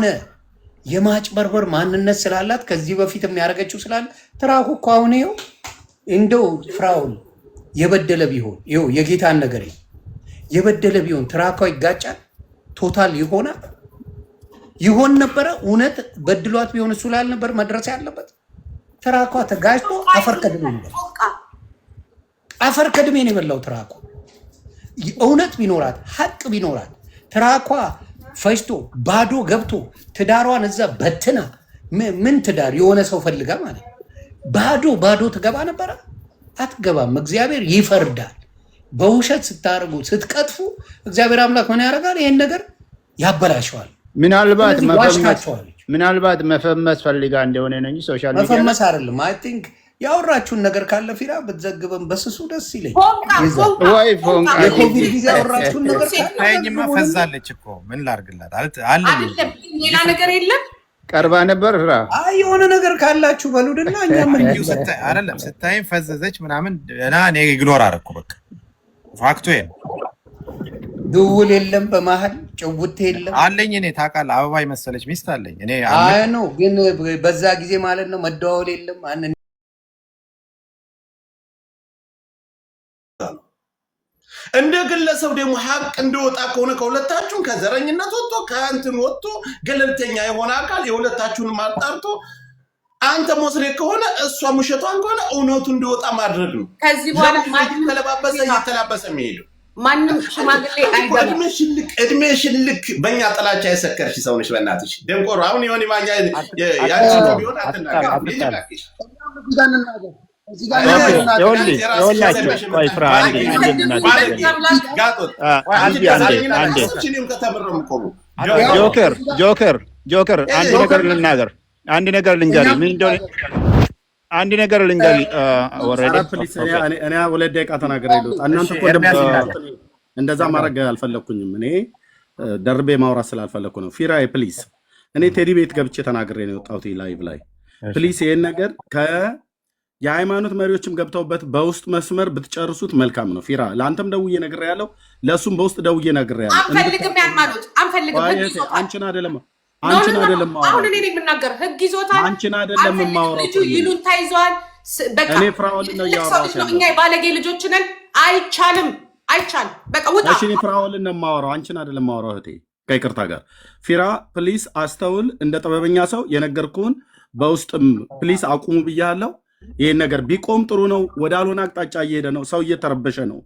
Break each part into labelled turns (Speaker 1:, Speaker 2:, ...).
Speaker 1: የሆነ የማጭበርበር ማንነት ስላላት ከዚህ በፊት የሚያደርገችው ስላለ ትራኩ እኮ አሁን ይኸው እንደው ፍራውን የበደለ ቢሆን ይኸው የጌታን ነገር የበደለ ቢሆን ትራኳ ይጋጫል፣ ቶታል ይሆና ይሆን ነበረ። እውነት በድሏት ቢሆን እሱ ላልነበር መድረስ ያለበት ትራኳ ተጋጭቶ አፈር ከድሜ ነበር አፈር ከድሜ ነው የበላው ትራኳ እውነት ቢኖራት ሀቅ ቢኖራት ትራኳ ፈጅቶ ባዶ ገብቶ ትዳሯን እዛ በትና ምን ትዳር የሆነ ሰው ፈልጋ ማለት ነው። ባዶ ባዶ ትገባ ነበረ? አትገባም። እግዚአብሔር ይፈርዳል። በውሸት ስታደርጉ ስትቀጥፉ እግዚአብሔር አምላክ ምን ያደርጋል? ይሄን ነገር ያበላሸዋል።
Speaker 2: ምናልባት መፈመስ ፈልጋ እንደሆነ ነ ሶሻል ሚዲያ መፈመስ
Speaker 1: አይደለም አይ ቲንክ ያወራችሁን ነገር ካለ ፊራ ብትዘግብም በስሱ ደስ ይለኝ።
Speaker 2: የኮቪድ ጊዜ ያወራችሁን ነገር ካለኝማ ፈዛለች እኮ ምን ላርግላት?
Speaker 3: ሌላ ነገር የለም
Speaker 2: ቀርባ ነበር። ራ
Speaker 1: አይ የሆነ ነገር ካላችሁ በሉድና
Speaker 2: እኛ ምን አይደለም። ስታይም ፈዘዘች ምናምን እና እኔ ይግኖር አረኩ በቃ ፋክቱ ይሄ
Speaker 1: ድውል የለም በመሀል ጭውት የለም
Speaker 2: አለኝ። እኔ ታውቃለህ፣ አበባ የመሰለች ሚስት አለኝ
Speaker 1: እኔ። አይ ነው ግን በዛ ጊዜ ማለት ነው መደዋወል የለም እንደ ግለሰብ ደግሞ ሀቅ እንደወጣ ከሆነ ከሁለታችሁም ከዘረኝነት ወጥቶ ከእንትን ወጥቶ ገለልተኛ የሆነ አካል የሁለታችሁንም አጣርቶ አንተ ሞስሌ ከሆነ እሷ ሙሸቷን ከሆነ እውነቱ እንደወጣ ማድረግ ነው። ከዚህ በኋላ ተለባበሰ እየተላበሰ የሚሄደው ማንም ሽማግሌ እድሜ ሽልክ በእኛ ጥላቻ የሰከርሽ ሰውነች። በእናትሽ ደንቆሮ አሁን የሆን ማኛ ያን ቢሆን አትናገር
Speaker 2: ጆከር ጆከር ጆከር አንድ ነገር ልናገር፣ አንድ ነገር ልንገርህ። ምን እንደሆነ አንድ ነገር ልንገርህ። ወረደ እኔ ሁለት ደቂቃ ተናገር ይሉት እናንተ እኮ እንደዛ ማድረግ አልፈለግኩኝም። እኔ ደርቤ ማውራት ስላልፈለግኩ ነው። ፊራዬ ፕሊስ፣ እኔ ቴዲ ቤት ገብቼ ተናግሬ ነው የወጣሁት ላይቭ ላይ ፕሊስ። ይሄን ነገር ከ የሃይማኖት መሪዎችም ገብተውበት በውስጥ መስመር ብትጨርሱት መልካም ነው። ፊራ ለአንተም ደውዬ ነግር ያለው ለእሱም በውስጥ ደውዬ ነግሬያለሁ።
Speaker 3: አንፈልግም ያልማኖት አንፈልግም። አንቺን አይደለም አንቺን አይደለም አሁን እኔ ነኝ የምናገር። ህግ ይዞታል። አንቺን አይደለም የማወራው። ይሉን ታይዟል። እኔ ፍራኦልን ነው ያወራው። እኛ የባለጌ ልጆች ነን። አይቻልም፣ አይቻልም።
Speaker 2: በቃ ውጣ። እሺ እኔ ፍራኦልን ነው የማወራው፣ አንቺን አይደለም የማወራው። እህቴ ከይቅርታ ጋር ፊራ ፕሊስ አስተውል። እንደ ጥበበኛ ሰው የነገርኩህን በውስጥም ፕሊስ አቁሙ ብያለሁ። ይህን ነገር ቢቆም ጥሩ ነው። ወደ አቅጣጫ እየሄደ ነው። ሰው እየተረበሸ ነው።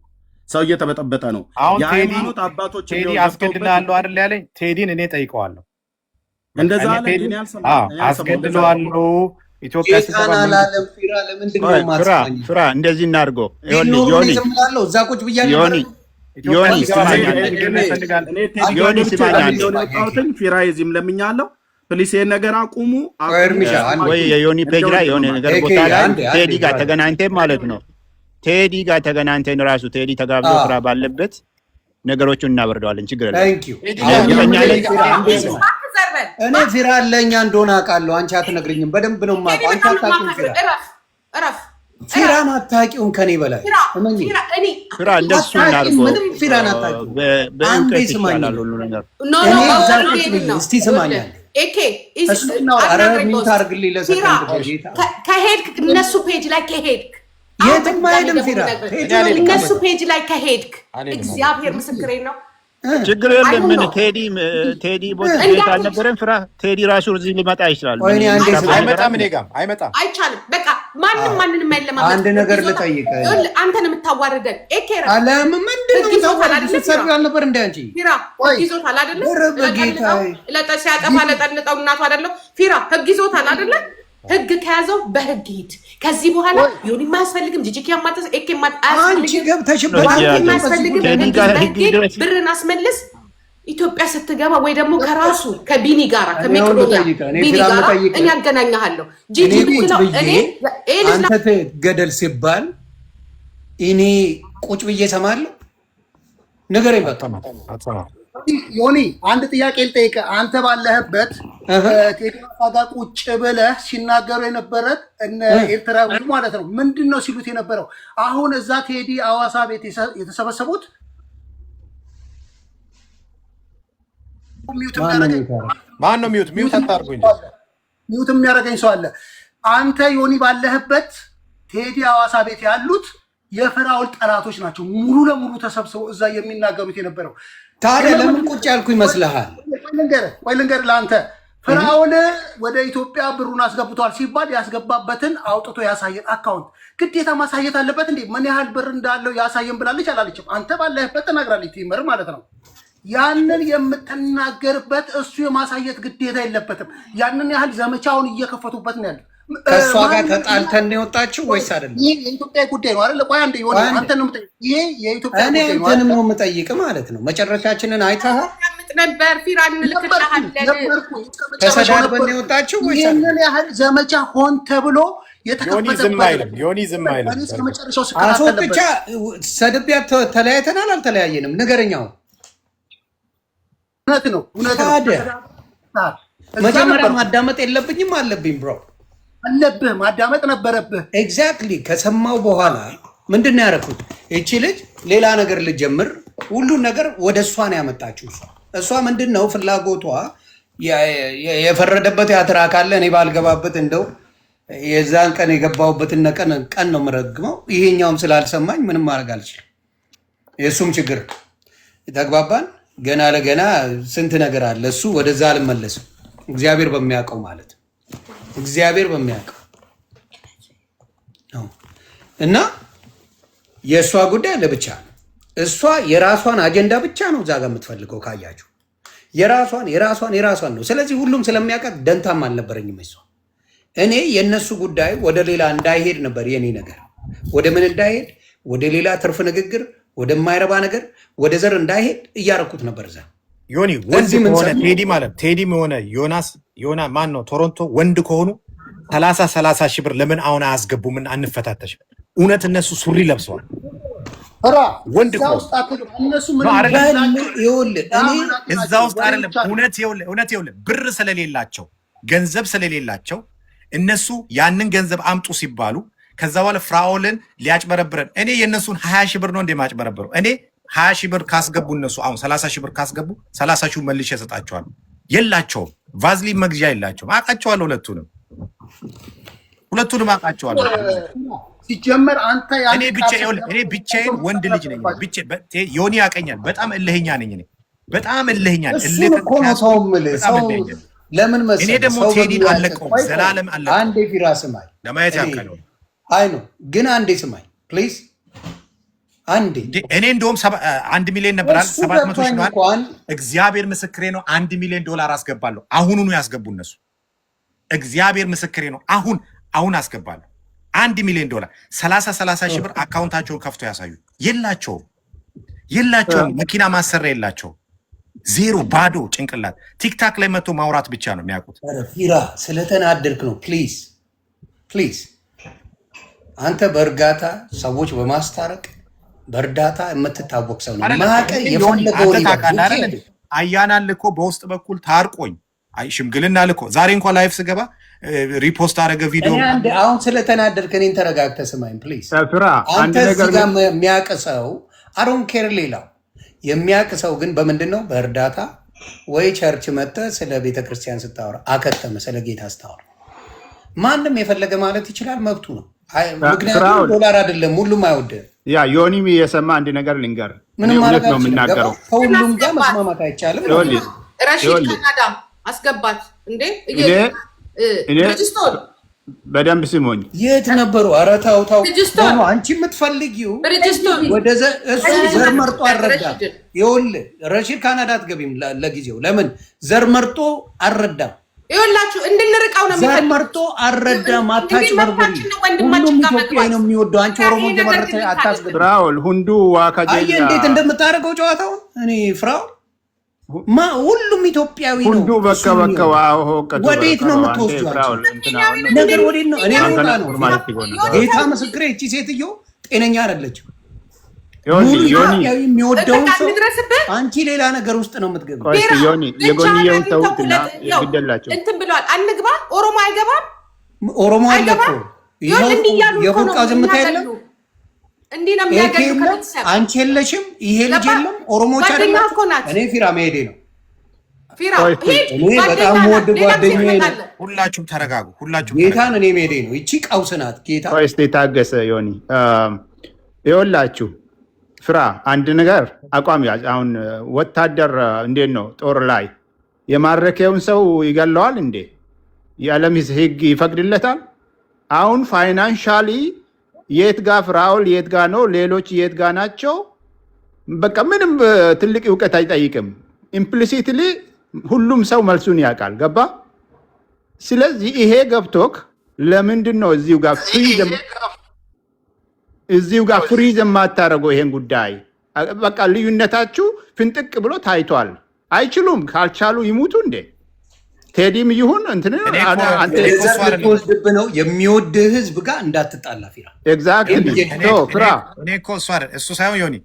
Speaker 2: ሰው እየተበጠበጠ ነው። የሃይማኖት አባቶች አስገድላለሁ አይደል ያለኝ ቴዲን እኔ ጠይቀዋለሁ። እንደዛ አስገድለዋለሁ ኢትዮጵያ እንደዚህ እናድርገው። ፕሊስ ይሄን ነገር አቁሙ። ወይ የዮኒ ፔጅ ላይ የሆነ ነገር ቦታ ላይ ቴዲ ጋር ተገናኝተን ማለት ነው ቴዲ ጋር ተገናኝተን ራሱ ቴዲ ተጋብዞ ስራ ባለበት ነገሮቹን እናበርደዋለን። ችግር
Speaker 1: እኔ ዚራ ለእኛ እንደሆነ አውቃለሁ። አንቺ አትነግርኝም። በደንብ ነው የማውቀው። አንቺ አታውቂውም። ፊራን አታውቂውም ከኔ በላይ
Speaker 3: ፊራ እንደሱ እናድርጎ። ፊራን አታውቂውም። አንዴ ስማኝ፣ እስቲ ስማኛል ከሄድክ እነሱ ፔጅ ላይ ከሄድክ የትም አይልም። ፊራ እነሱ ፔጅ ላይ ከሄድክ እግዚአብሔር ምስክሬ ነው።
Speaker 2: ችግር የለም። ምን ቴዲ ቴዲ ቦታ አልነበረም። ፍራ ቴዲ ራሱ እዚህ ሊመጣ ይችላል።
Speaker 3: አይመጣም፣ እኔ ጋርም አይመጣም፣ አይቻልም። በቃ ማንም ማንን ያለማመጥ አንድ ነገር ልጠይቅ። አንተን የምታዋርደን ኤኬራ አለም ምንድን ነው ሰራ አልነበር እንደ አንቺ ፊራ ህግ ይዞታል አደለ? ሲያጠፋ ለጠንጠው እናቱ አደለ? ፊራ ህግ ይዞታል አደለ? ህግ ከያዘው በህግ ሂድ። ከዚህ በኋላ ዮኒ አያስፈልግም፣ ጂጂኪ ማጠስ ኤኬ አንቺ ማጠስ አያስፈልግም፣ ብርን አስመልስ ኢትዮጵያ ስትገባ ወይ ደግሞ ከራሱ ከቢኒ ጋራ
Speaker 2: ከቢኒ ጋራ እኔ ያገናኘሃለሁ። ጂጂ ገደል ሲባል እኔ ቁጭ ብዬ እሰማለሁ። ነገር
Speaker 1: በቃ ዮኒ፣ አንድ ጥያቄ ልጠይቅህ። አንተ ባለህበት ቴሌፋጋ ቁጭ ብለህ ሲናገሩ የነበረ ኤርትራ ማለት ነው ምንድን ነው ሲሉት የነበረው? አሁን እዛ ቴዲ አዋሳ ቤት የተሰበሰቡት ማን ነው ሚውት ሚውት አታርጉኝ። ሚውት የሚያደርገኝ ሰው አለ። አንተ ዮኒ ባለህበት ቴዲ ሐዋሳ ቤት ያሉት የፍራውል ጠላቶች ናቸው። ሙሉ ለሙሉ ተሰብስበው እዛ የሚናገሩት የነበረው
Speaker 2: ታዲያ ለምን ቁጭ ያልኩ ይመስልሃል?
Speaker 1: ቆይ ልንገርህ ለአንተ ፈራውል ወደ ኢትዮጵያ ብሩን አስገብቷል ሲባል ያስገባበትን አውጥቶ ያሳየን አካውንት ግዴታ ማሳየት አለበት እንዴ? ምን ያህል ብር እንዳለው ያሳየን ብላለች አላለችም? አንተ ባለህበት ተናግራለች። ትመር ማለት ነው ያንን የምትናገርበት እሱ የማሳየት ግዴታ የለበትም። ያንን ያህል ዘመቻውን እየከፈቱበት ነው ያለ ከእሷ ጋር ተጣልተን ነው የወጣችው ወይስ አይደለም? የኢትዮጵያ ጉዳይ ነው አይደለ? ቆይ አንዴ የሆነ ነው የምጠይቅ። ይሄ የኢትዮጵያ ጉዳይ ነው አንተንም ነው የምጠይቅ ማለት ነው። መጨረሻችንን አይተሃል ተሰዳድበን ነው የወጣችው ወይስ ይህንን ያህል ዘመቻ ሆን ተብሎ የተከፈተበት ብቻ ሰድቢያ ተለያይተናል አልተለያየንም? ነገረኛው እውነት ነው፣ እውነት ነው። መጀመሪያ ማዳመጥ የለብኝም አለብኝ? ብሮ አለብህ፣ ማዳመጥ ነበረብህ። ኤግዛክትሊ ከሰማው በኋላ ምንድን ነው ያደረኩት? ይቺ ልጅ ሌላ ነገር ልጀምር፣ ሁሉን ነገር ወደ እሷ ነው ያመጣችው። እሷ ምንድን ነው ፍላጎቷ? የፈረደበት ያትራ ካለ እኔ ባልገባበት እንደው የዛን ቀን የገባሁበትን ቀን ቀን ነው የምረግመው። ይሄኛውም ስላልሰማኝ ምንም ማድረግ አልችልም። የእሱም ችግር ተግባባን። ገና ለገና ስንት ነገር አለ። እሱ ወደዛ አልመለስም። እግዚአብሔር በሚያውቀው ማለት እግዚአብሔር በሚያውቀው እና የእሷ ጉዳይ ለብቻ ነው። እሷ የራሷን አጀንዳ ብቻ ነው እዛ ጋር የምትፈልገው ካያችሁ የራሷን የራሷን የራሷን ነው። ስለዚህ ሁሉም ስለሚያውቃት ደንታም አልነበረኝም እሷ እኔ የእነሱ ጉዳይ ወደ ሌላ እንዳይሄድ ነበር የኔ ነገር ወደ ምን እንዳይሄድ ወደ ሌላ ትርፍ ንግግር ወደማይረባ ነገር ወደ ዘር እንዳይሄድ እያረኩት ነበር። እዛ ዮኒ ወንድ ከሆነ ቴዲ ማለት ቴዲም የሆነ ዮናስ ዮና ማን ነው ቶሮንቶ ወንድ ከሆኑ ሰላሳ ሰላሳ ሺህ ብር ለምን አሁን አያስገቡም? አንፈታተሽ እውነት እነሱ ሱሪ ለብሰዋል። እዛ ውስጥ አይደለም። እውነት እውነት ይኸውልህ ብር ስለሌላቸው ገንዘብ ስለሌላቸው እነሱ ያንን ገንዘብ አምጡ ሲባሉ ከዛ በኋላ ፍራኦልን ሊያጭበረብረን እኔ የእነሱን ሀያ ሺህ ብር ነው እንደ እኔ ሀያ ሺህ ብር ካስገቡ እነሱ አሁን ሰላሳ ሺህ ብር ካስገቡ ሰላሳ ሺህ መልሼ እሰጣቸዋለሁ። የላቸውም፣ ቫዝሊን መግዣ የላቸውም። አውቃቸዋለሁ፣ ሁለቱንም ሁለቱንም አውቃቸዋለሁ። ሲጀመር እኔ ብቻዬን ወንድ ልጅ ነኝ። ዮኒ ያቀኛል። በጣም እልህኛ ነኝ እኔ በጣም እልህኛ እኔ ደግሞ ቴዲን አለቀውም፣ ዘላለም አለቀውም። ለማየት ያልከለው አይ ነው ግን አንዴ ስማኝ ፕሊዝ። አንዴ እኔ እንደውም አንድ ሚሊዮን ነበራል ሰባት መቶ እግዚአብሔር ምስክሬ ነው። አንድ ሚሊዮን ዶላር አስገባለሁ። አሁኑኑ ያስገቡ እነሱ። እግዚአብሔር ምስክሬ ነው። አሁን አሁን አስገባለሁ አንድ ሚሊዮን ዶላር። ሰላሳ ሰላሳ ሺህ ብር አካውንታቸውን ከፍቶ ያሳዩ። የላቸውም፣ የላቸውም። መኪና ማሰሪያ የላቸውም። ዜሮ ባዶ ጭንቅላት። ቲክታክ ላይ መቶ ማውራት ብቻ ነው የሚያውቁት። ፊራ ስለተናደርክ ነው ፕሊዝ ፕሊዝ አንተ በእርጋታ ሰዎች በማስታረቅ በእርዳታ የምትታወቅ ሰው ነው። ማቀ የፈለገውን አያናን ልኮ በውስጥ በኩል ታርቆኝ ሽምግልና ልኮ ዛሬ እንኳ ላይፍ ስገባ ሪፖስት አደረገ ቪዲዮ። አሁን ስለተናደድክ እኔን ተረጋግተህ ስማኝ ፕሊዝ። አንተ እዚህ ጋ የሚያቅ ሰው አሮን ኬር ሌላው የሚያቅ ሰው ግን በምንድን ነው በእርዳታ ወይ ቸርች መጠ ስለ ቤተ ክርስቲያን ስታወራ አከተመ፣ ስለ ጌታ ስታወራ ማንም የፈለገ ማለት ይችላል፣ መብቱ ነው። ምክንያቱም ዶላር አይደለም ሁሉም አይወደም። ያ ዮኒም የሰማ አንድ ነገር ልንገር፣
Speaker 3: እውነት ነው የምናገረው። ከሁሉም ጋር መስማማት አይቻልም። ረሺድ አስገባት እንዴ!
Speaker 1: በደንብ ስሞኝ፣ የት ነበሩ? ኧረ ተው ተው፣ አንቺ የምትፈልጊው ወደዘ እሱ ዘር መርጦ አልረዳም። ይኸውልህ ረሺድ ካናዳ አትገቢም ለጊዜው። ለምን ዘር መርጦ አልረዳም ይኸውላችሁ እንድንርቀው ነው የሚፈልግ መርጦ ሁሉም ኢትዮጵያዊ ነው የሚወደው። አንቺ ኦሮሞ እንደመረተ ሁንዱ እንዴት እንደምታደርገው እኔ ማ ሁሉም ኢትዮጵያዊ ነው። በቃ በቃ ወዴት ነው የምትወስጂው? ነገር ወዴት ነው? እኔ ነው ነው ጌታ ምስክሬ፣ እቺ ሴትዮ ጤነኛ አይደለችም። የሚወደውን ሰው አንቺ ሌላ ነገር ውስጥ ነው የምትገቢው።
Speaker 3: የጎንየውን ተውትና ግደላቸው እንትን ብለዋል። አንግባ ኦሮሞ አይገባም።
Speaker 1: ኦሮሞ አለ እኮ ዝምታ የለም። እንዲህ ነው የሚያገኙ። አንቺ የለሽም፣ ይሄ ልጅ የለም። ኦሮሞች እኔ ፊራ መሄዴ ነው። በጣም ወድ ጓደኛዬ ነው። ሁላችሁም ተረጋጉ። ሁላችሁም
Speaker 2: ጌታን እኔ መሄዴ ነው። ይቺ ቀውስ ናት። ጌታ ታገሰ ዮኒ ይኸውላችሁ ስራ አንድ ነገር አቋም ያዝ። አሁን ወታደር እንዴት ነው ጦር ላይ የማረከውን ሰው ይገለዋል እንዴ? የዓለም ህግ ይፈቅድለታል? አሁን ፋይናንሻሊ የት ጋ ፍራውል የት ጋ ነው? ሌሎች የት ጋ ናቸው? በቃ ምንም ትልቅ እውቀት አይጠይቅም። ኢምፕሊሲትሊ ሁሉም ሰው መልሱን ያውቃል። ገባ? ስለዚህ ይሄ ገብቶክ ለምንድን ነው እዚሁ ጋር እዚሁ ጋር ፍሪዝ የማታደርገው ይሄን ጉዳይ በቃ ልዩነታችሁ ፍንጥቅ ብሎ ታይቷል። አይችሉም። ካልቻሉ ይሙቱ እንዴ ቴዲም ይሁን እንትን
Speaker 1: ልትወስድብ ነው የሚወድ ህዝብ ጋር እንዳትጣላ ፊራ
Speaker 2: ኤግዛክትሊ እኔ እኮ እሱ ሳይሆን ዮኒ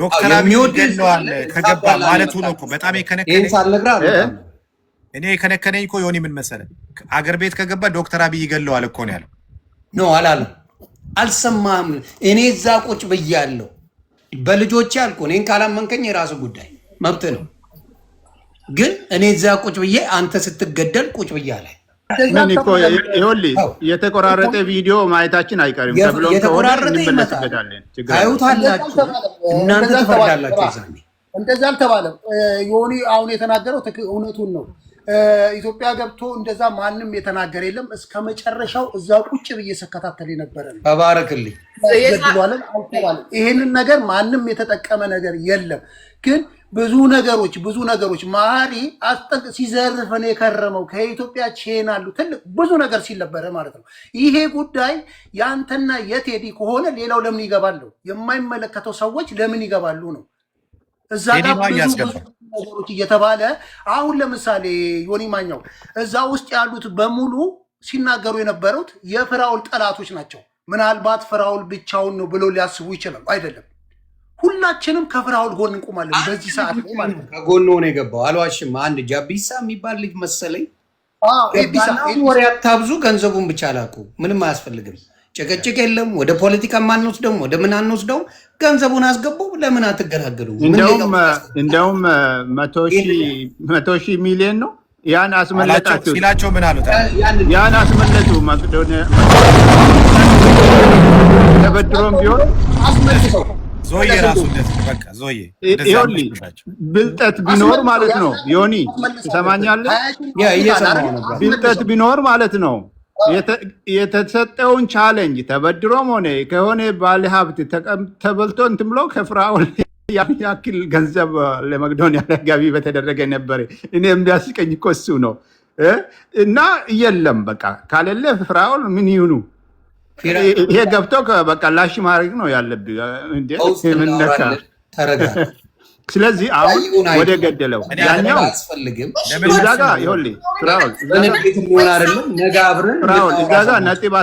Speaker 2: ዶክተር የሚወድለዋል ከገባ ማለቱ ነው እኮ በጣም የከነከነኝ። እኔ የከነከነኝ እኮ ዮኒ ምን መሰለህ፣ አገር ቤት ከገባ ዶክተር አብይ ይገለዋል እኮ ነው
Speaker 1: ያለው። ኖ አላለም አልሰማህም? እኔ እዛ ቁጭ ብያለሁ በልጆቼ አልኩ። እኔን ካላመንከኝ የራሱ ጉዳይ መብት ነው። ግን እኔ እዛ ቁጭ ብዬ አንተ ስትገደል ቁጭ ብያለሁ።
Speaker 2: ይኸውልህ የተቆራረጠ ቪዲዮ ማየታችን አይቀርም
Speaker 1: ተብሎ የተቆራረጠ ይመጣል። ታዩታላችሁ፣ እናንተ ትፈርዳላችሁ። ይዛ እንደዛ አልተባለም። የሆኑ አሁን የተናገረው እውነቱን ነው። ኢትዮጵያ ገብቶ እንደዛ ማንም የተናገረ የለም። እስከ መጨረሻው እዛ ቁጭ ብዬ ስከታተል የነበረ ነው። ተባረክልኝ። ይህንን ነገር ማንም የተጠቀመ ነገር የለም። ግን ብዙ ነገሮች ብዙ ነገሮች ማሪ አስጠንቅ ሲዘርፍ ነው የከረመው። ከኢትዮጵያ ቼን አሉ ትልቅ ብዙ ነገር ሲል ነበረ ማለት ነው። ይሄ ጉዳይ የአንተና የቴዲ ከሆነ ሌላው ለምን ይገባለሁ? የማይመለከተው ሰዎች ለምን ይገባሉ ነው እዛ ጋር ብዙ ነገሮች እየተባለ አሁን ለምሳሌ ዮኒ ማኛው እዛ ውስጥ ያሉት በሙሉ ሲናገሩ የነበሩት የፍራውል ጠላቶች ናቸው። ምናልባት ፍራውል ብቻውን ነው ብሎ ሊያስቡ ይችላሉ። አይደለም፣ ሁላችንም ከፍራውል ጎን እንቆማለን። በዚህ ሰዓት ከጎን ሆነ የገባው አልዋሽም። አንድ ጃቢሳ የሚባል ልጅ መሰለኝ። ወሬ አታብዙ፣ ገንዘቡን ብቻ ላኩ፣ ምንም አያስፈልግም። ጭቅጭቅ የለም። ወደ ፖለቲካ ማንወስደውም ወደ ምን አንወስደውም። ገንዘቡን አስገቡ። ለምን አትገላገሉ?
Speaker 2: እንደውም መቶ ሺህ ሚሊዮን ነው። ያን አስመለጣችሁ ሲላቸው ምን አሉት? ያን አስመለጡ። መቅዶኒያ ተበድሮም ቢሆን ዞዬ ራሱ ዞዬ ብልጠት ቢኖር ማለት ነው። ዮኒ ትሰማኛለህ? ብልጠት ቢኖር ማለት ነው የተሰጠውን ቻሌንጅ ተበድሮም ሆነ ከሆነ ባለ ሀብት ተበልቶ እንትን ብሎ ከፍራውል ያክል ገንዘብ ለመቅዶንያ ገቢ በተደረገ ነበር። እኔ የሚያስቀኝ እኮ እሱ ነው። እና የለም በቃ ካለለ ፍራውል ምን ይሁኑ? ይሄ ገብቶ በቃ ላሽ ማድረግ ነው ያለብህ። ተረጋ ስለዚህ አሁን ወደ ገደለው ያኛው አስፈልግም። እዛ ጋ ይኸውልህ ፍራኦል ነገ አብረን ፍራኦል እዛ ጋ ነጥብ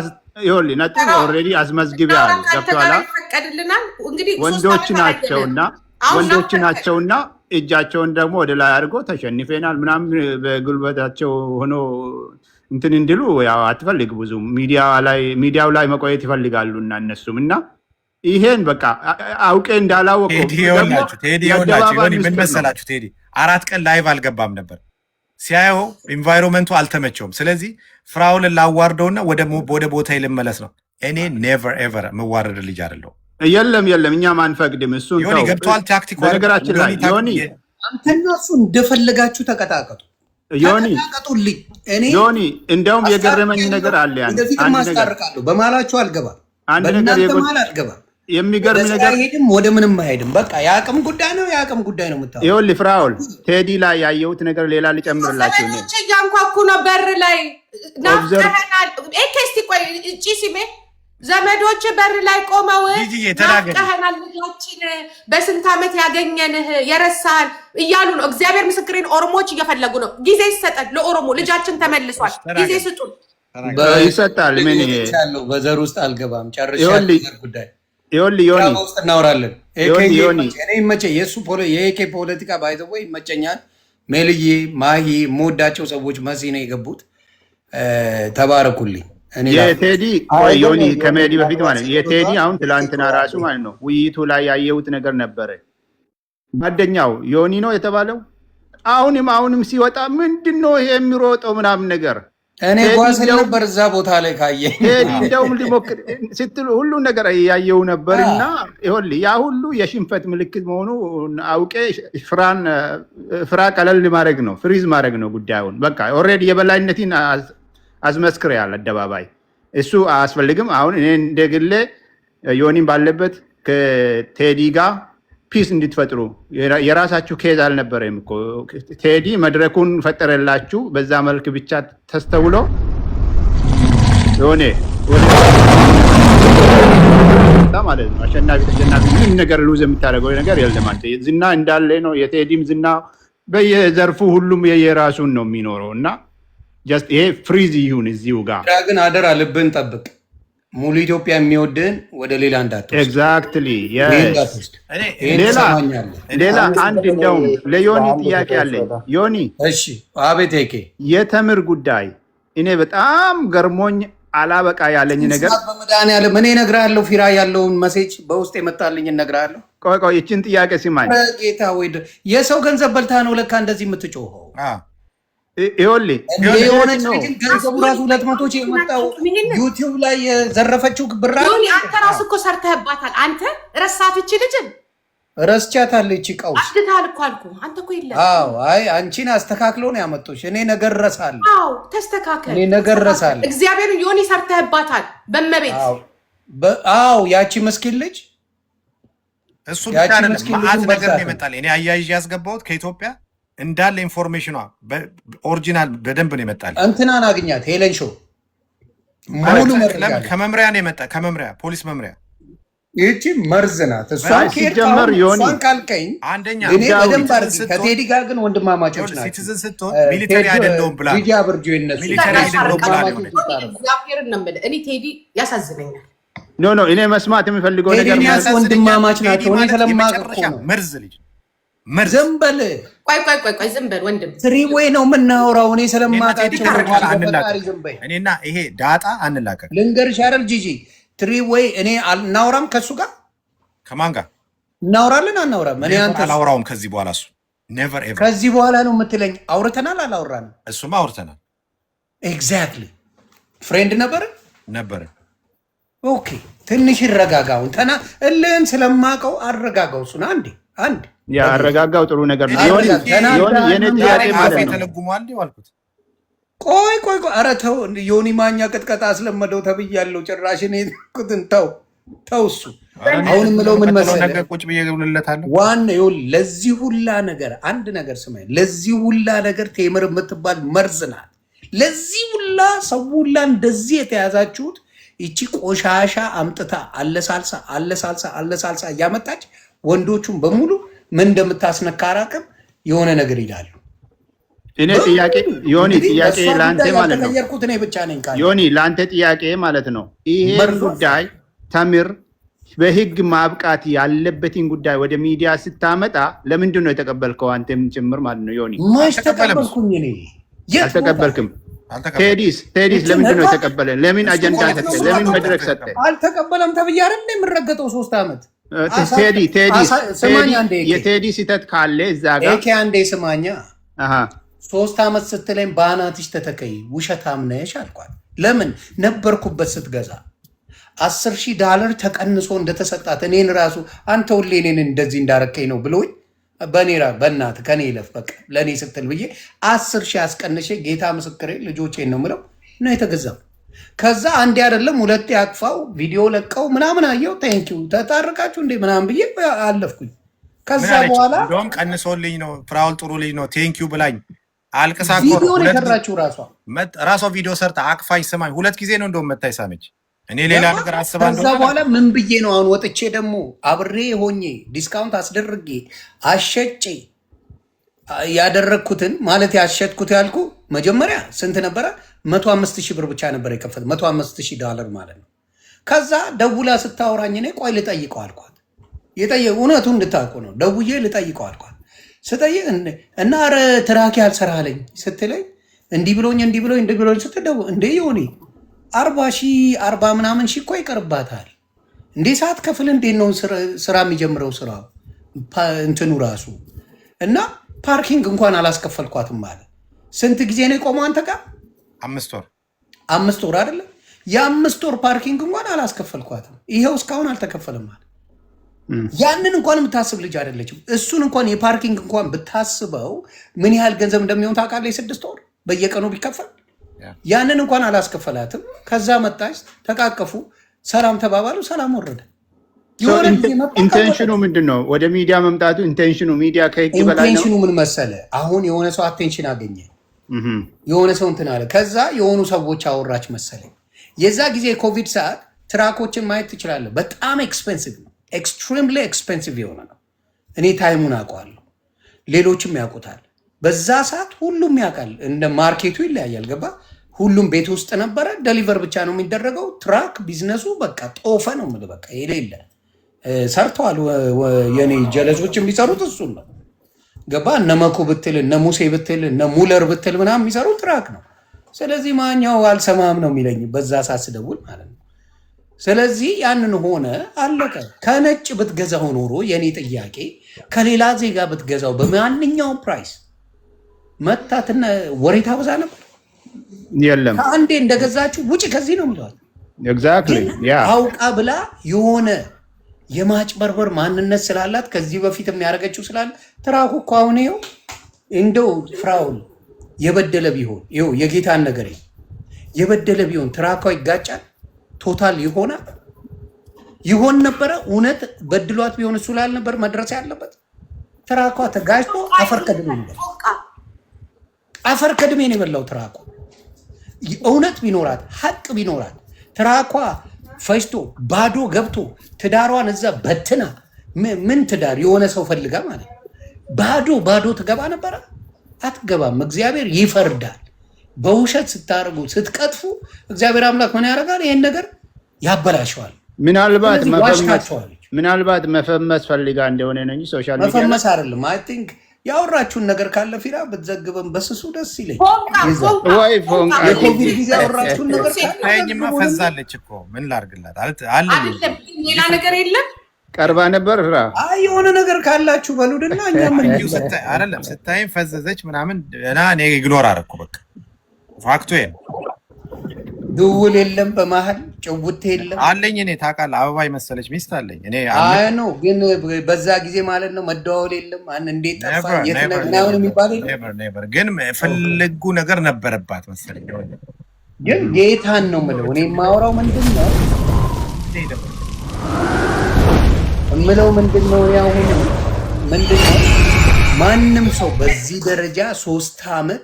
Speaker 2: ይኸውልህ ነጥብ ኦልሬዲ አስመዝግቢያለሁ። ገብቶሃል? ወንዶች ናቸውና ወንዶች ናቸውና እጃቸውን ደግሞ ወደ ላይ አድርጎ ተሸንፌናል ምናምን በጉልበታቸው ሆኖ እንትን እንድሉ ያው አትፈልግ ብዙ ሚዲያው ላይ መቆየት ይፈልጋሉ እና እነሱም እና ይሄን በቃ አውቄ እንዳላወቀው ምን መሰላችሁ፣ ቴዲ አራት ቀን ላይቭ አልገባም ነበር። ሲያየው ኢንቫይሮንመንቱ አልተመቸውም። ስለዚህ ፍራውልን ላዋርደውና ወደ ቦታ ልመለስ ነው። እኔ ኔቨር ኤቨር የምዋረድ ልጅ አይደለሁ።
Speaker 1: የለም የለም፣ እኛም አንፈቅድም። እሱን ገብተዋል። ታክቲክ ነገራችን ላይ ዮኒ፣ አንተና እሱ እንደፈለጋችሁ ተቀጣቀጡ። ዮኒ ዮኒ፣ እንደውም የገረመኝ ነገር አለ። አንድ ማስታርቃለሁ በማላችሁ አልገባም፣ አንድ ነገር አልገባም የሚገርም ነገር አይሄድም፣ ወደ ምንም አይሄድም። በቃ የአቅም ጉዳይ ነው፣ የአቅም ጉዳይ ነው። ምታ ይኸውልህ፣ ፍራኦል ቴዲ ላይ ያየሁት ነገር ሌላ
Speaker 3: ልጨምርላችሁ ነው። እያንኳኩ ነው በር ላይ ናፍቀህናልስቲ ቆይ እጪ ሲሜ ዘመዶች በር ላይ ቆመው ናፍቀህናል፣ ልጆችን በስንት ዓመት ያገኘንህ የረሳል እያሉ ነው። እግዚአብሔር ምስክሬን ኦሮሞዎች እየፈለጉ ነው። ጊዜ ይሰጠን ለኦሮሞ ልጃችን ተመልሷል።
Speaker 1: ጊዜ ስጡን ይሰጣል። ምን ይሄ በዘር ውስጥ አልገባም። ጨርሻ ጉዳይ ውስጥ እናወራለን። እኔ ይመቸኝ የእሱ የኤኬ ፖለቲካ ባይዘወ ይመቸኛል። ሜልዬ ማሂ የምወዳቸው ሰዎች መሲ ነው የገቡት። ተባረኩልኝ።
Speaker 2: የቴዲ ዮኒ ከሜዲ በፊት ማለት የቴዲ አሁን ትላንትና ራሱ ማለት ነው ውይይቱ ላይ ያየሁት ነገር ነበረ። ጓደኛው ዮኒ ነው የተባለው አሁንም አሁንም ሲወጣ ምንድን ነው ይሄ የሚሮጠው ምናምን ነገር እኔ ጓስ ነበር እዛ ቦታ ላይ ካየ እንደውም ሊሞክር ስትሉ ሁሉን ነገር ያየው ነበር እና ይሆል ያ ሁሉ የሽንፈት ምልክት መሆኑ አውቄ ፍራን ፍራ ቀለል ማድረግ ነው፣ ፍሪዝ ማድረግ ነው ጉዳዩን። በቃ ኦልሬዲ የበላይነትን አስመስክሬያል አደባባይ። እሱ አያስፈልግም። አሁን እኔ እንደግሌ ዮኒም ባለበት ከቴዲ ጋር ፒስ እንድትፈጥሩ የራሳችሁ ኬዝ አልነበረም እኮ ቴዲ መድረኩን ፈጠረላችሁ። በዛ መልክ ብቻ ተስተውሎ የሆነ ማለት ነው አሸናፊ ተሸናፊ ምንም ነገር ሉዝ የምታደርገው ነገር የለም። አንተ ዝና እንዳለ ነው። የቴዲም ዝና በየዘርፉ ሁሉም የየራሱን ነው የሚኖረው እና ይሄ ፍሪዝ ይሁን እዚሁ ጋር
Speaker 1: ግን አደራ ልብን ጠብቅ ሙሉ ኢትዮጵያ የሚወድህን ወደ ሌላ እንዳትወስድ።
Speaker 2: ሌላ አንድ እንደውም ለዮኒ ጥያቄ አለኝ። ዮኒ እሺ፣ አቤት። ኬ የተምር ጉዳይ እኔ በጣም ገርሞኝ አላበቃ ያለኝ ነገር
Speaker 1: በመድኃኒዓለም እኔ እነግርሃለሁ። ፊራ ያለውን መሴጅ በውስጥ የመጣልኝ እነግርሃለሁ። ቆይ ቆይ፣ ይችን ጥያቄ ሲማኝ ጌታ ወይ የሰው ገንዘብ በልታ ነው ለካ እንደዚህ የምትጮኸው ይኸውልህ ገንዘቡ ራሱ ሁለት መቶ ሺህ የመጣው ዩቲዩብ ላይ የዘረፈችው ብራ አንተ ራሱ እኮ ሰርተህባታል። አንተ ረሳት ልጅን ረስቻታለሁ። ቀውስ አስድታል እኮ አንተ እኮ የለም። አይ አንቺን አስተካክሎ ነው ያመጡሽ። እኔ ነገር ረሳለሁ። አዎ ተስተካከል። እኔ ነገር ረሳለሁ። ዮኒ ሰርተህባታል። በመቤት አዎ ያቺ ልጅ
Speaker 2: እሱ ብቻ ነገር ይመጣል። እኔ አያይዤ ያስገባሁት ከኢትዮጵያ እንዳለ ኢንፎርሜሽኗ ኦሪጂናል በደንብ ነው የመጣልኝ። እንትናን አግኛት ሄለን ሾ ሙሉ ከመምሪያ ነው የመጣ ከመምሪያ ፖሊስ መምሪያ።
Speaker 1: ይቺ መርዝ ናት። እሷንሲጀመር ሆኒን ካልከኝ አንደኛ በደንብ አድርጊ። ከቴዲ ጋር ግን ወንድማማቾች ናቸው። ሲቲዝን ስትሆን ሚሊተሪ አይደለውም ብላ ሚዲያ ብርጅ ይነሱ ሚሊተሪ አይደለውም ብላ እኔ ቴዲ ያሳዝነኛል። ኖ ኖ እኔ መስማት የሚፈልገው ነገር ወንድማማች ናቸው። እኔ ስለማውቅ መርዝ ልጅ ዝም በል ቆይ ቆይ ቆይ ቆይ ዝም ወንድም፣ ትሪ ወይ ነው የምናወራው። እኔ ስለማታቸው እኔና ይሄ ዳጣ አንላቀቅ። ልንገርሽ አይደል ጂጂ፣ ትሪ ወይ እኔ አናውራም። ከእሱ ጋር ከማን ጋር እናውራለን? አናውራም። እኔ አንተ አላውራውም ከዚህ በኋላ እሱ ኔቨር ኤቨር። ከዚህ በኋላ ነው የምትለኝ። አውርተናል፣ አላውራን? እሱማ አውርተናል። ኤግዛክትሊ ፍሬንድ ነበር ነበር። ኦኬ፣ ትንሽ ይረጋጋውን ተና እልህን ስለማቀው አረጋጋው እሱን። አንዴ አንዴ ያረጋጋው ጥሩ ነገር ነው። የኔ ጥያቄ ማለት ነው ቆይ ቆይ ቆይ፣ ኧረ ተው ዮኒ ማኛ ቅጥቀጣ አስለመደው ተብያለሁ። ጭራሽ እኔ ተው ተው። እሱ አሁን የምለው ምን መሰለህ ዋና ይኸውልህ፣ ለዚህ ሁላ ነገር አንድ ነገር ስማኝ፣ ለዚህ ሁላ ነገር ቴምር የምትባል መርዝ ናት። ለዚህ ሁላ ሰው ሁላ እንደዚህ የተያዛችሁት ይቺ ቆሻሻ አምጥታ አለሳልሳ አለሳልሳ አለሳልሳ እያመጣች ወንዶቹን በሙሉ ምን እንደምታስነካ አራቅም የሆነ ነገር ይላሉ።
Speaker 2: እኔ ጥያቄ ዮኒ ጥያቄ ለአንተ ማለት ነው እኔ ብቻ ነኝ ካለ ዮኒ ለአንተ ጥያቄ ማለት ነው። ይሄን ጉዳይ ተምር በህግ ማብቃት ያለበትን ጉዳይ ወደ ሚዲያ ስታመጣ ለምንድን ነው የተቀበልከው? አንተም ጭምር ማለት ነው ዮኒ። ማሽ ተቀበልኩኝ እኔ አልተቀበልክም። ቴዲስ ቴዲስ
Speaker 1: ለምንድን ነው የተቀበለ? ለምን አጀንዳ ሰጠ? ለምን መድረክ ሰጠ? አልተቀበለም ተብዬ አይደል የምረገጠው ሶስት ዓመት ቴዲ ቴዲ የቴዲ ስህተት ካለ እዛ ጋር ኤኬ አንዴ ስማኛ። ሶስት ዓመት ስትለኝ በአናትሽ ተተከይ ውሸታም ነሽ አልኳት። ለምን ነበርኩበት ስትገዛ አስር ሺህ ዳለር ተቀንሶ እንደተሰጣት እኔን ራሱ አንተ ሁሌ እኔን እንደዚህ እንዳረከኝ ነው ብሎኝ በእኔ በእናት ከኔ ይለፍ በቃ ለእኔ ስትል ብዬ አስር ሺህ አስቀንሼ ጌታ ምስክሬ ልጆቼን ነው ምለው ነው የተገዛው። ከዛ አንዴ አይደለም ሁለቴ አቅፋው ቪዲዮ ለቀው ምናምን አየው። ታንኪዩ ተጣርቃችሁ እንዴ ምናምን ብዬ አለፍኩኝ። ከዛ በኋላ
Speaker 2: እንደውም ቀንሶልኝ ነው ፍራውል ጥሩ ልጅ ነው ቴንኪው ብላኝ
Speaker 1: አልቅሳ ቪዲዮ ነው የሰራችው። ራሷ ራሷ ቪዲዮ ሰርታ አቅፋኝ ስማኝ ሁለት ጊዜ ነው እንደውም መታኝ ሳመች። እኔ ሌላ ነገር አስባ ከዛ በኋላ ምን ብዬ ነው አሁን ወጥቼ ደግሞ አብሬ ሆኜ ዲስካውንት አስደርጌ አሸጬ ያደረግኩትን ማለት ያሸጥኩት ያልኩ መጀመሪያ ስንት ነበረ? መቶ አምስት ሺህ ብር ብቻ ነበር የከፈት መቶ አምስት ሺህ ዶላር ማለት ነው። ከዛ ደውላ ስታወራኝ እኔ ቆይ ልጠይቀው አልኳት። የጠየ እውነቱ እንድታውቁ ነው። ደውዬ ልጠይቀው አልኳት። ስጠይቅ እና ኧረ ትራኪ አልሰራለኝ ስትለኝ እንዲህ ብሎኝ እንዲህ ብሎኝ እንዲህ ብሎኝ ስትደው እንዴ የሆኔ አርባ ሺህ አርባ ምናምን ሺህ እኮ ይቀርባታል እንዴ ሰዓት ከፍል እንዴት ነው ስራ የሚጀምረው ስራ እንትኑ ራሱ እና ፓርኪንግ እንኳን አላስከፈልኳትም አለ። ስንት ጊዜ ነው የቆመው አንተ ጋር? አምስት ወር አምስት ወር አይደለም የአምስት ወር ፓርኪንግ እንኳን አላስከፈልኳትም፣ ይኸው እስካሁን አልተከፈልም አለ። ያንን እንኳን የምታስብ ልጅ አይደለችም። እሱን እንኳን የፓርኪንግ እንኳን ብታስበው ምን ያህል ገንዘብ እንደሚሆን ታውቃለህ? የስድስት ወር በየቀኑ ቢከፈል ያንን እንኳን አላስከፈላትም። ከዛ መጣች፣ ተቃቀፉ፣ ሰላም ተባባሉ፣ ሰላም ወረደ።
Speaker 2: ኢንቴንሽኑ ምንድን ነው? ወደ ሚዲያ መምጣቱ ኢንቴንሽኑ ሚዲያ
Speaker 1: ከህግ በላይ ኢንቴንሽኑ ምን መሰለ? አሁን የሆነ ሰው አቴንሽን አገኘ፣ የሆነ ሰው እንትን አለ፣ ከዛ የሆኑ ሰዎች አወራች መሰለኝ። የዛ ጊዜ ኮቪድ ሰዓት ትራኮችን ማየት ትችላለህ። በጣም ኤክስፔንሲቭ ነው፣ ኤክስትሪምሊ ኤክስፔንሲቭ የሆነ ነው። እኔ ታይሙን አውቀዋለሁ፣ ሌሎችም ያውቁታል። በዛ ሰዓት ሁሉም ያውቃል። እንደ ማርኬቱ ይለያያል። ገባ ሁሉም ቤት ውስጥ ነበረ። ደሊቨር ብቻ ነው የሚደረገው። ትራክ ቢዝነሱ በቃ ጦፈ ነው። በቃ የሌለ ሰርተዋል። የኔ ጀለሶች የሚሰሩት እሱን ነው። ገባ እነ መኩ ብትል እነ ሙሴ ብትል እነ ሙለር ብትል ምናምን የሚሰሩት ትራክ ነው። ስለዚህ ማኛው አልሰማም ነው የሚለኝ በዛ ሳስ ደውል ማለት ነው። ስለዚህ ያንን ሆነ አለቀ። ከነጭ ብትገዛው ኖሮ የኔ ጥያቄ ከሌላ ዜጋ ብትገዛው በማንኛውም ፕራይስ መታትነ ወሬ ታበዛ ነበር። የለም አንዴ እንደገዛችሁ ውጭ ከዚህ ነው የሚለዋል። አውቃ ብላ የሆነ የማጭበርበር ማንነት ስላላት ከዚህ በፊት የሚያደርገችው ስላለ ትራኩ እኮ አሁን ይኸው እንደው ፍራውን የበደለ ቢሆን ይኸው የጌታን ነገር የበደለ ቢሆን ትራኳ ይጋጫል፣ ቶታል ይሆና ይሆን ነበረ። እውነት በድሏት ቢሆን እሱ ላይ አልነበር መድረስ ያለበት። ትራኳ ተጋጭቶ አፈር ከድሜ ነው አፈር ከድሜ ነው የበላው ትራኳ እውነት ቢኖራት ሀቅ ቢኖራት ትራኳ ፈጅቶ ባዶ ገብቶ ትዳሯን እዛ በትና ምን ትዳር የሆነ ሰው ፈልጋ ማለት ባዶ ባዶ ትገባ ነበረ? አትገባም። እግዚአብሔር ይፈርዳል። በውሸት ስታደርጉ ስትቀጥፉ እግዚአብሔር አምላክ ምን ያደርጋል? ይህን ነገር ያበላሸዋል። ምናልባት መፈመስ ፈልጋ እንደሆነ ነው እንጂ ሶሻል ሚዲያ መፈመስ አይደለም አይ ቲንክ ያወራችሁን ነገር ካለ ፊራ ብትዘግበን በስሱ ደስ ይለኝ።
Speaker 2: የኮቪድ ጊዜ ያወራችሁን ነገር ካለኝማ ፈዛለች እኮ ምን ላርግላት? ሌላ ነገር የለም ቀርባ ነበር። አይ የሆነ ነገር ካላችሁ በሉድና እኛ ምን አይደለም ስታይም ፈዘዘች ምናምን እና እኔ ግሎር አደረኩ። በቃ ፋክቶ
Speaker 1: ድውል የለም በመሀል ጭውት የለም አለኝ። እኔ ታውቃለህ፣ አበባ የመሰለች ሚስት አለኝ እኔ ነው። ግን በዛ ጊዜ ማለት ነው መደዋወል የለም እንዴት ጠፋ የሚባል ግን ፍልጉ ነገር ነበረባት መሰለኝ። ግን ጌታን ነው የምለው እኔ የማወራው ምንድን ነው የምለው ምንድን ነው ያሁን ምንድን ነው ማንም ሰው በዚህ ደረጃ ሶስት አመት